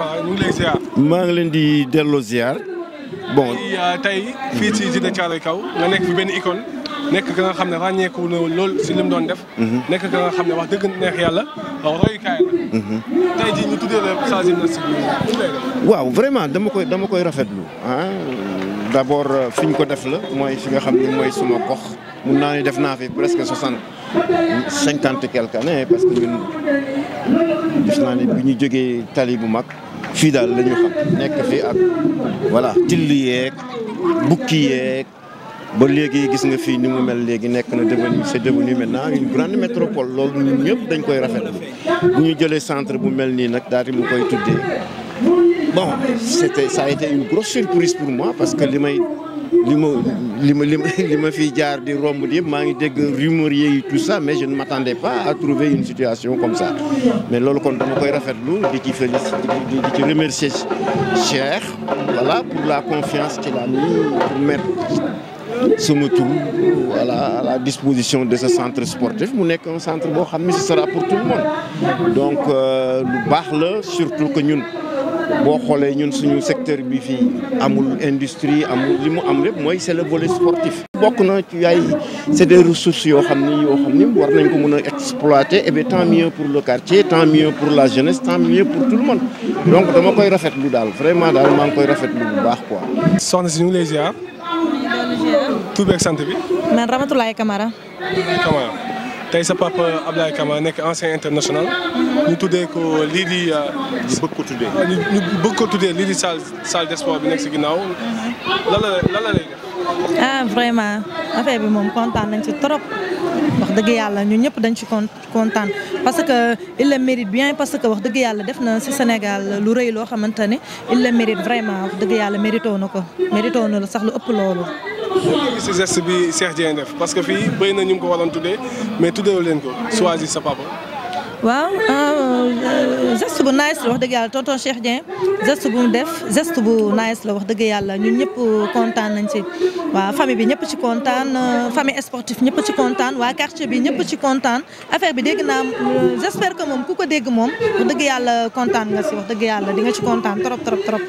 maa ngi leen di delloo ziar. bon euh, tey fii ci Djidah Thiaroye Kaw nga nekk fi benn icône nekk ka nga xam ne ràññeeku na lool si li doon def. Mhm. nekk ka nga xam ne wax dëgg neex yàlla royukaay la. Mhm. waaw vraiment dama koy dama koy rafetlu ah d'abord euh, fi ñu ko def la mooy fi nga xam ne mooy suma gox mun naa ne def naa fi presque soixante cinquante quelque année parce que ñun gis naa ne bi ñu jógee tali bu mag. fii daal la xam nekk fi ak voilà till yeeg bukki yeeg ba léegi gis nga fii ni mu mel léegi nekk na devenu c'est devenu maintenant une grande métropole loolu ñun ñëpp dañ koy rafetlu bu ñu jëlee centre bu mel nii nag daal mu koy tuddee bon c'était une grosse surprise pour moi parce que li may li ma li ma li ma fiy jaar di romb yëpp maa ngi dégg rumeur yi tout ça mais je ne m'attendais pas à trouver une situation comme sa mais loolu kon dama koy rafetlu di ci féliciter di ci remercier Cheikh voilà pour la confiance qu'il a mis pour mettre sama tur à la disposition de ce centre sportif mu nekk un centre boo xam ne ce sera pour tout le monde donc euh, lu baax la surtout que ñun boo xoolee ñun suñu secteur bi fii amul industrie amul li mu am lépp mooy c'est le volet sportif. bokk na ci ay c'est des ressources yoo xam ni yoo xam ni war nañ ko mën a exploiter et eh bien mieux pour le quartier tant mieux pour la jeunesse tant mieux pour tout le monde donc dama koy rafet rafetlu daal vraiment daal maa ngi koy lu bu baax ko soxna si ñu ngi lay ziar. tur sant bi. man Ramatoulaye Camara. Camara. tey sa papa Abdoulaye Kama nekk ancien international ñu tuddee ko lii di. Euh, ñu bëgg ko tuddee. ñu bëgg ko tuddee lii di salle salle d' espoir bi nekk si ginnaaw lan lay ah vraiment affaire bi moom kontaan nañ ci trop wax dëgg yàlla ñun ñëpp dañ ci kontaan parce que il le mérite bien parce que wax dëgg yàlla def na si Sénégal lu rëy loo xamante ne il le mérite vraiment wax dëgg yàlla mérito na ko mérito na sax lu ëpp loolu. si geste bi Cheikh parce que fii na ñu ngi ko waroon tuddee mais tuddeewu leen ko choisir sa papa. waaw euh, geste bu nice la wax dëgg yàlla tonton Cheikh Dieng geste bu mu def geste bu nice la wax dëgg yàlla ñun ñëpp kontaan nañ ci waaw famille bi ñëpp ci kontaan euh, famille sportif ñëpp ci kontaan waa quartier bi ñëpp ci kontaan affaire bi dégg naa euh, j'espère que moom ku ko dégg moom wax dëgg yàlla kontaan nga ci wax dëgg yàlla di nga ci kontaan trop trop trop.